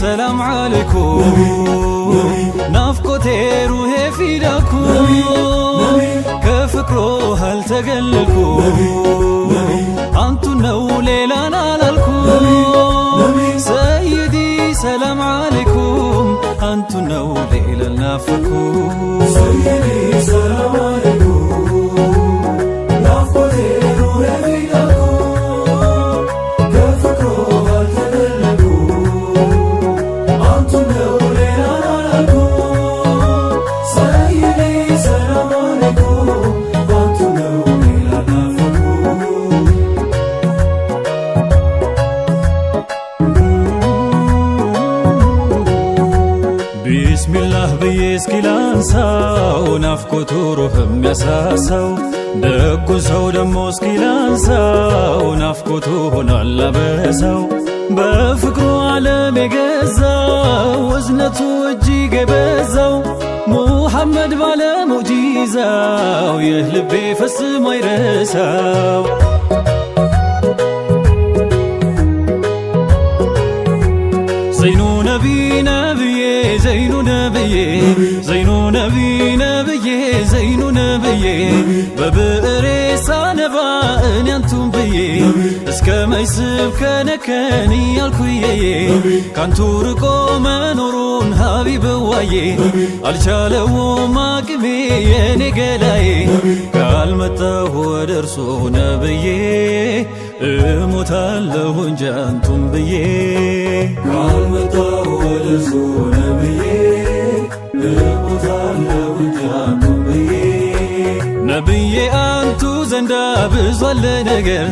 ሰላም አለይኩ ናፍቆቴ ሩሄ ፊዳኩ ከፍቅሮ አልተገለልኩ አንቱ ነው ሌላን አላልኩ ሰይዲ ሰላም አለይኩም አንቱ ነው ሌላ ናፍቁ የሚያሳሳው ደጉ ሰው ደሞ እስኪላንሳው ናፍቆቱ ሆኗል አበሳው በፍቅሩ ዓለም የገዛው እዝነቱ እጅግ የበዛው ሙሐመድ ባለ ሙጂዛው ይህ ልቤ ፈጽሞ አይረሳው ብዬ በብዕሬ ሳነባ እኔ ብዬ እስከ መች ስብከነከን ካንቱ ርቆ መኖሩን ሀቢብዋዬ አልቻለውም አቅሜ የኔ ገላዬ ካልመጣሁ ወደ እርሶ ነብዬ እሞታለሁ እንጂ ብዬ ካልመጣሁ ወደ እርሶ ነብዬ እሞታለሁ እንጂ ነብዬ አንቱ ዘንዳ ብዙ አለ ነገር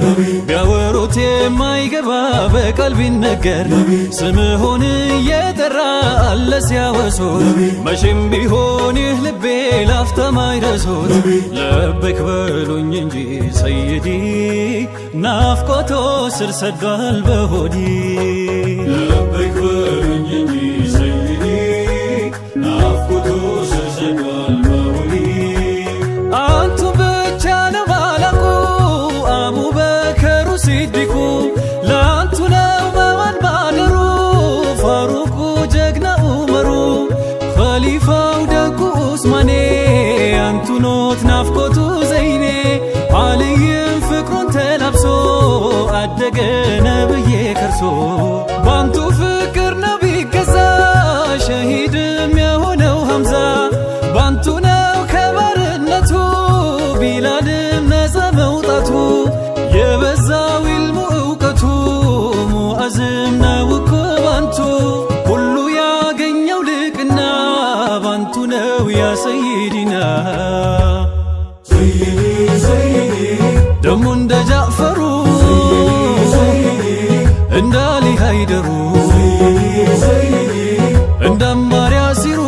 ቢያወሩት የማይገባ በቃል ቢነገር ስምሆን እየጠራ አለ ሲያወሱት መቼም ቢሆን ይህ ልቤ ላፍታ አይረሱት ለበክ በሉኝ እንጂ ሰይዲ ናፍቆቶ ስር ሰዷል በሆዲ ለበክ በሉኝ እንጂ ሰይዲ ናፍቆ ከንቱ ኖት ናፍቆቱ ዘይኔ አልይም ፍቅሩን ተላብሶ አደገ ነብዬ ከርሶ ባንቱ ጃዕፈሩ እንደ አሊ ሃይደሩ እንደ አማር ያሲሩ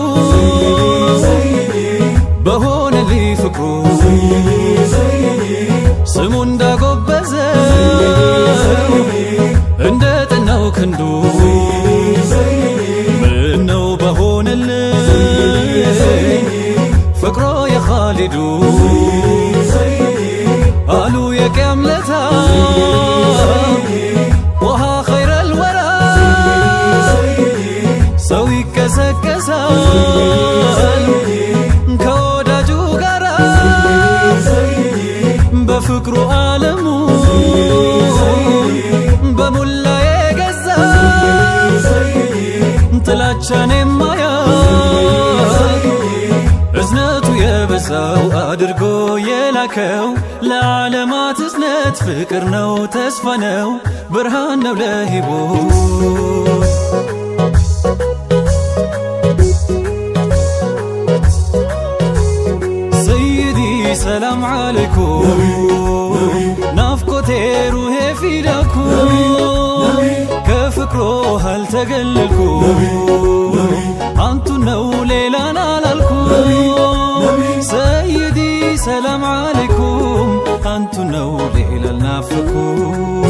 ፍቅሩ ስሙ እንዳጎበዘው እንደ ጠናው ክንዱ ምነው በሆነልኝ ፍቅሮ የኻሊዱ ይቀሰቅሳል ከወዳጁ ጋራ በፍቅሩ ዓለሙ በሙላ የገዛ ጥላቻን የማያ እዝነቱ የበዛው አድርጎ የላከው ለዓለማት እዝነት ፍቅር ነው፣ ተስፋ ነው፣ ብርሃን ነው ለሕይወት سلام عليكم نافقتي روحي فداكم كفكرو هل تقللكو انتو نو ليلا نالالكو سيدي سلام عليكم انتو نو ليلا نافقكم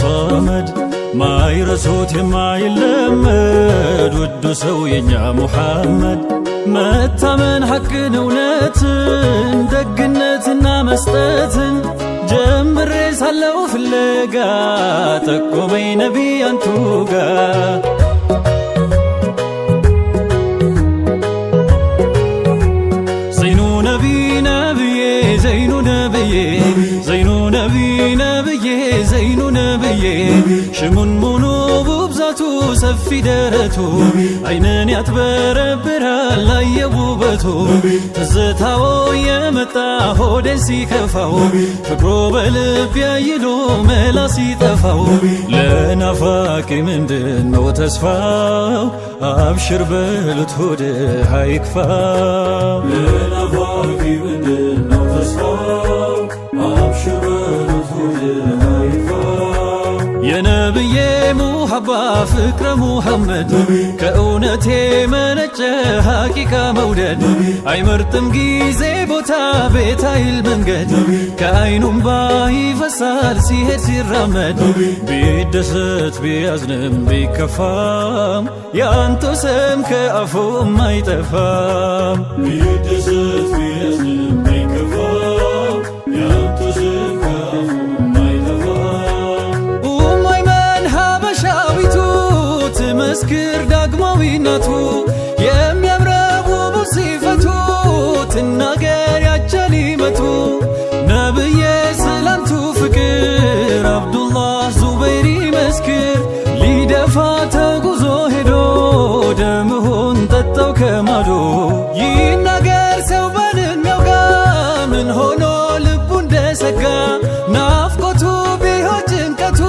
ሶመድ ማይረሱት የማይለመድ ውዱ ሰው የኛ ሙሐመድ መታመን ሐቅን እውነትን ደግነትና መስጠትን ጀምሬ ሳለው ፍለጋ ጠቆመኝ ነቢይ አንቱ ሽሙን ሙኑ ውብዛቱ ሰፊ ደረቱ አይንን ያትበረብራል ላየ ውበቱ ትዝታዎ የመጣ ሆዴን ሲከፋው ፍቅሮ በልብ ያይሎ መላ ሲጠፋው ለናፋቂ ምንድን ነው ተስፋው? አብሽር በሉት ሆድ አይክፋ ለናፋቂ ምንድን ፍቅረ ሙሐመድ ከእውነቴ መነጨ ሐቂቃ መውደድ አይመርጥም ጊዜ ቦታ ቤት አይል መንገድ ከአይኑም ባይ ይፈሳል ሲሄድ ሲራመድ ቢደሰት ቢያዝንም ቢከፋም የአንተ ስም ከአፉም አይጠፋም ቢደሰት ቢያዝንም ባዶ ይናገር ሰው ባንናውጋ ምን ሆኖ ልቡ እንደሰጋ ናፍቆቱ ቢሆን ጭንቀቱ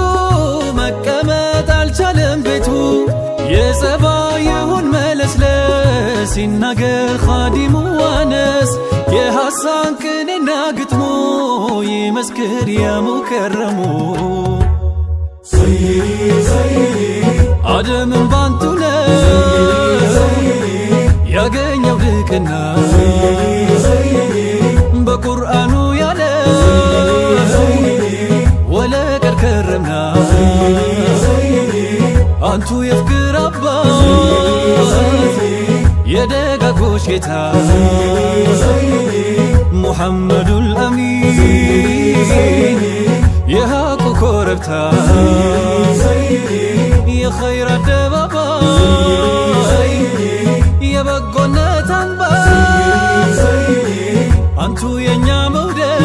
መቀመጥ አልቻለም ቤቱ የጸባይሁን መለስለስ ይናገር ኻዲሙ ዋነስ የሐሳን ቅኔና ግጥሙ ይመስክር ያሙከረሙ አደምን ያገኘው ድቅና በቁርአኑ ያለ ወለቀድ ከረምና አንቱ የፍቅር አባት የደጋጎች ጌታ ሙሐመዱል አሚን የሀቁ ኮረብታ የኸይር አደባባይ በጎነት አንባ አንቱ የእኛ መውደድ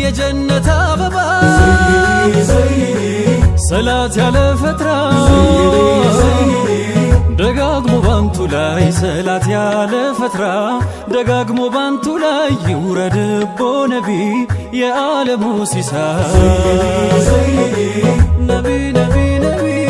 የጀነት አበባ ሰላት ያለ ፈትራ ደጋግሞ ባንቱ ላይ ሰላት ያለ ፈትራ ደጋግሞ ባንቱ ላይ ይውረድቦ ነቢ የዓለሙ ሲሳ ነቢ ነቢ ነቢ